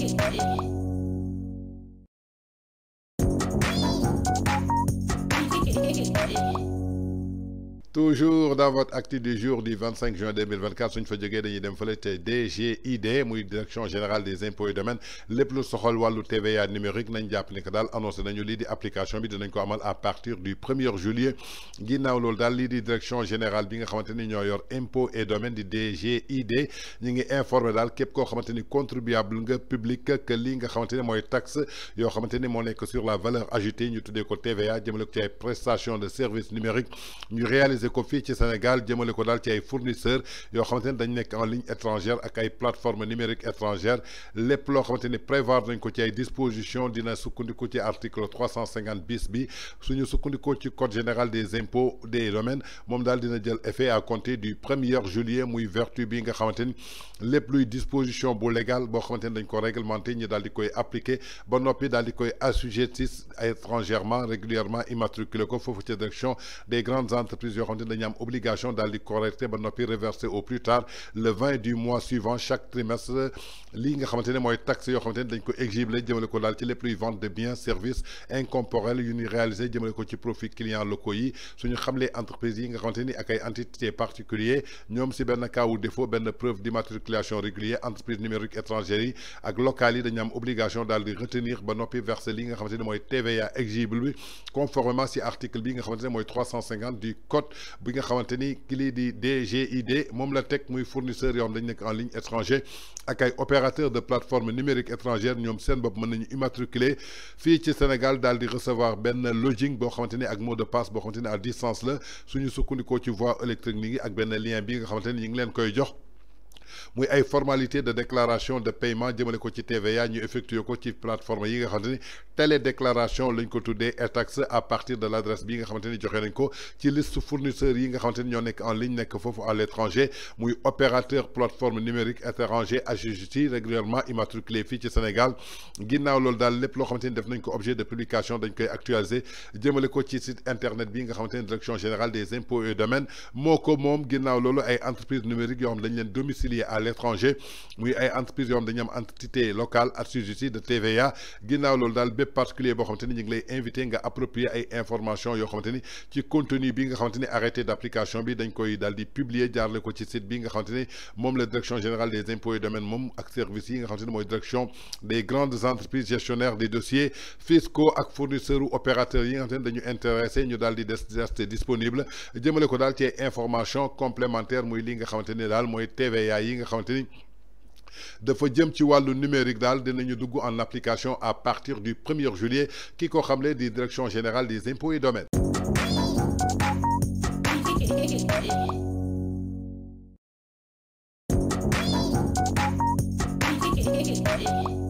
Thank you. toujours dans votre acte du jour du 25 juin 2024 suñ fa jógee dañuy dem fële DGID direction générale des impôts et domaines les lu soxal le TVA numérique nañ jàpp que daal annoncé l'application lii di application bi dinañ ko à partir du 1er juillet ginnaaw loolu daal lii di direction générale des impôts et domaines di DGID nous ngi informé daal képp que les nga xamante ni taxes taxe yoo xamante sur la valeur ajoutée ñu tuddee ko TVA jëmale ko ci ay prestations de services numériques nous réalisons organiser ko fii Sénégal jëmale ko daal ci ay fournisseurs yoo xamante ne dañ nekk en ligne étrangère ak ay plateformes numériques étrangères lépp loo xamante ni prévoir nañ ko ci ay dispositions dina sukkandiku ci article 350 bis bi suñu sukkandikoo ci code général des impôts des domaines moom daal dina jël effet à compter du 1er juillet muy vertu bi nga xamante ni lépp luy disposition bu légal boo xamante ni dañ ko réglementé ñi daal di koy appliqué ba noppi daal di koy assujettis étrangèrement régulièrement immatriculé ko foofu ci des grandes entreprises xam obligation d'aller di correcté ba noppi au plus tard le 20 du mois suivant chaque trimestre ligne nga xamante ne mooy taxe des xamante ne dañ ko les jëmale ko vente de biens services incorporels une ñuy de jëmale ko ci profit clients locaux yi suñu les entreprises yi nga xamante ak ay entités particuliers si ben cas wu défaut de preuve d'immatriculation régulière entreprise numérique étrangère yi ak locales yi obligation d'aller retenir ba verser versé li nga à ne TVA exigible conformément si article bi nga xamante ne 350 du code bi nga xamante ni ki lii di DGID moom la teg muy fournisseur yoo dañ nekk en ligne étranger ak ay opérateurs de plateforme numérique étrangère ñoom seen bopp mën nañu immatriculer fii ci Sénégal daal di recevoir benn login boo xamante ni ak mot de passe boo xamante ni à distance la suñu sukkandikoo ci voie électronique yi ak benn lien bi nga xamante ni ñu ngi leen koy jox muy ay formalité de déclaration de paiement jëmale ko ci TVA ñu effectuer ko ci plateforme yi nga xamanteni télé déclaration lañ ko tuddee e à partir de l'adresse bi nga xamanteni joxé nañ ko ci liste fournisseurs yi nga xamanteni ñoo nekk en ligne nekk fofu à l'étranger. muy opérateur plateforme numérique étranger assujetti régulièrement immatriculé fi ci Sénégal ginnaw lool dal lepp lo xamanteni def nañ ko objet de publication dañ koy actualiser jëmale ko ci site internet bi nga xamanteni direction générale des impôts et domaines moko mom ginnaw ginnaaw ay entreprises numériques yo xam dañ leen domicilier à l'étranger muy ay entreprise yoo dañu entité locale assujettie de TVA ginaaw loolu dal bép particulier bo xamanteni ñi ngi lay invité nga approprier ay information yo xamanteni ci contenu bi nga xamanteni arrêté d'application bi dañ koy dal di publier le ko ci site bi nga xamanteni mom la direction générale des impôts et domaines mom ak service yi nga xamanteni moy direction des grandes entreprises gestionnaires des dossiers fiscaux ak fournisseurs ou opérateurs yi nga xamanteni dañu intéressé ñu dal di des des disponible jëmale ko dal ci information complémentaire muy li nga xamanteni dal moy TVA de nga xamante dafa jëm ci numérique dal en application à partir du 1er juillet qui ko les directions générales des impôts et domaines